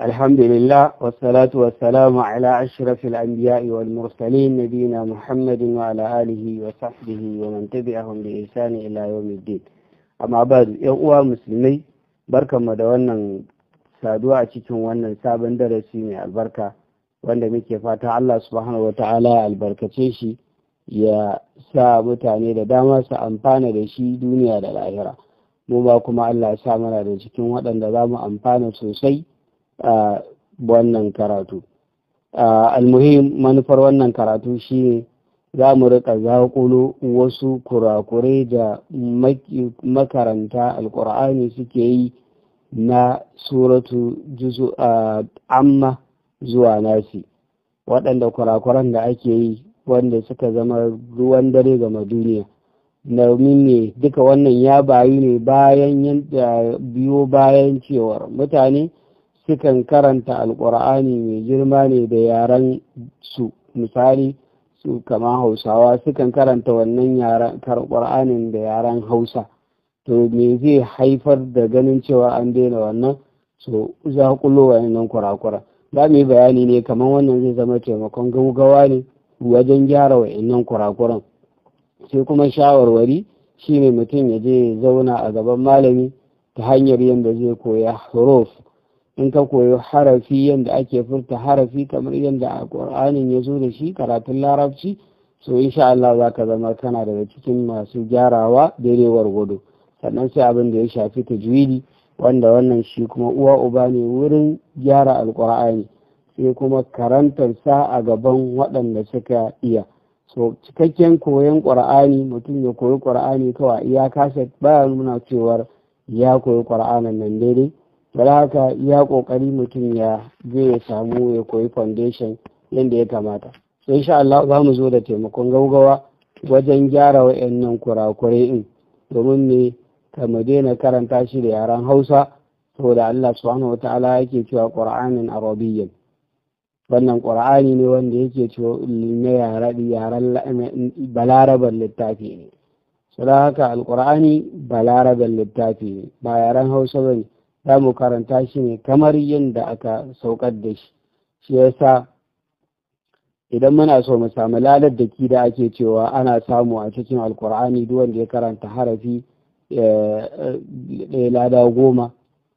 الحمد لله والصلاة والسلام على أشرف الأنبياء والمرسلين نبينا محمد وعلى آله وصحبه ومن تبعهم بإحسان إلى يوم الدين أما بعد يقوى مسلمي بركة مدونا سادوا أتيتم وانا سابن درسيني البركة وانا ميكي فاتح الله سبحانه وتعالى البركة تشي يا سا mutane da dama su amfana da shi duniya da lahira mu ba kuma Allah ya sa mana da cikin waɗanda za mu amfana sosai wannan karatu almuhim manufar wannan karatu shine za mu rika zaƙulo wasu kurakurai da makaranta Alƙur'ani suke yi na suratu juzu amma zuwa nasi waɗanda kurakuran da ake yi wanda suka zama ruwan dare ga duniya na ne duka wannan ya bayu ne bayan biyo bayan cewar mutane sukan karanta alkur'ani mai girma ne da yaren su misali su kama hausawa sukan karanta wannan alkur'anin da yaren hausa to me zai haifar da ganin cewa an daina wannan so za kullo nan kurakura za mu yi bayani ne kamar wannan zai zama taimakon gaugawa ne wajen gyara wa nan kurakuran sai kuma shawarwari shine mutum ya je zauna a gaban malami ta hanyar yadda zai koya huruf in ka koyi harafi yadda ake furta harafi kamar yadda a ƙur'anin ya zo da shi karatun larabci so insha Allah za ka zama kana daga cikin masu gyarawa daidaiwar gudu sannan sai abin da ya shafi tajwidi wanda wannan shi kuma uwa uba ne wurin gyara alƙur'ani sai kuma karantar sa a gaban waɗanda suka iya so cikakken koyon ƙur'ani mutum ya koyi ƙur'ani kawai iya kashe baya nuna cewar ya koyi ƙur'anin nan daidai bala haka ya kokari mutum ya je ya samu ya koyi foundation yadda ya kamata sai sha Allah za mu zo da taimakon gaugawa wajen gyara wayannan kurakurai in domin ne ka mu daina karanta shi da yaren Hausa saboda Allah subhanahu wataala yake cewa Qur'anin Arabiyyan wannan Qur'ani ne wanda yake cewa na yaren yaren balaraban littafi ne saboda haka alqur'ani balaraban littafi ne ba yaren Hausa bane za mu karanta shi ne kamar da aka saukar da shi shi yasa idan muna so mu samu lalar da ki ake cewa ana samu a cikin alkur'ani duk wanda ya karanta harafi ɗaya eh, eh, lada goma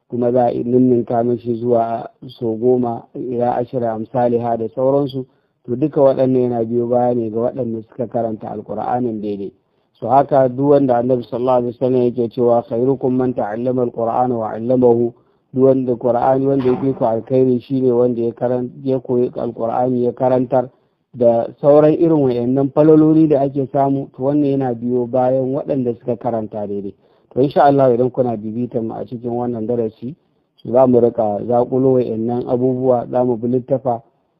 kuma za a ninninka mishi zuwa so goma ya ashira amsaliha da sauransu to duka waɗannan yana biyo baya ne ga waɗanda suka karanta alkur'anin daidai su haka duk wanda annabi sallallahu alaihi wasallam yake cewa khairukum man ta'allama alqur'ana wa 'allamahu duk wanda qur'ani wanda yake ku alkhairi shine wanda ya karanta ya koyi alqur'ani ya karantar da sauran irin wayannan falaloli da ake samu to wannan yana biyo bayan waɗanda suka karanta daidai to insha Allah idan kuna bibitan mu a cikin wannan darasi za mu rika zakulo wayannan abubuwa za mu bi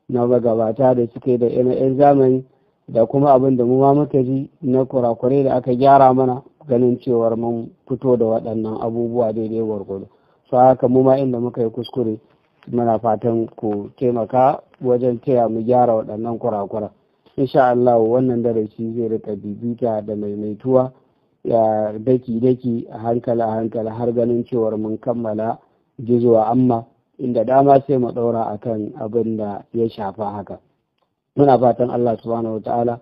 na magabata da suke da 'yan zamani da kuma abin da mu ma muka ji na kurakurai da aka gyara mana ganin cewar mun fito da waɗannan abubuwa daidai gwargwado su haka mu ma inda muka yi kuskure muna fatan ku taimaka wajen taya mu gyara waɗannan kurakura insha Allah wannan darasi zai rika bibita da maimaituwa ya daki-daki a hankali a hankali har ganin cewar mun kammala jizuwa amma inda dama sai mu ɗaura akan abin da ya shafa haka muna fatan Allah subhanahu ta'ala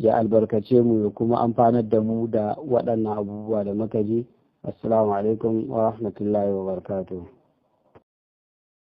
ya albarkace mu ya kuma amfanar da mu da waɗannan abubuwa da muka ji assalamu alaikum wa rahmatullahi wa barakatuh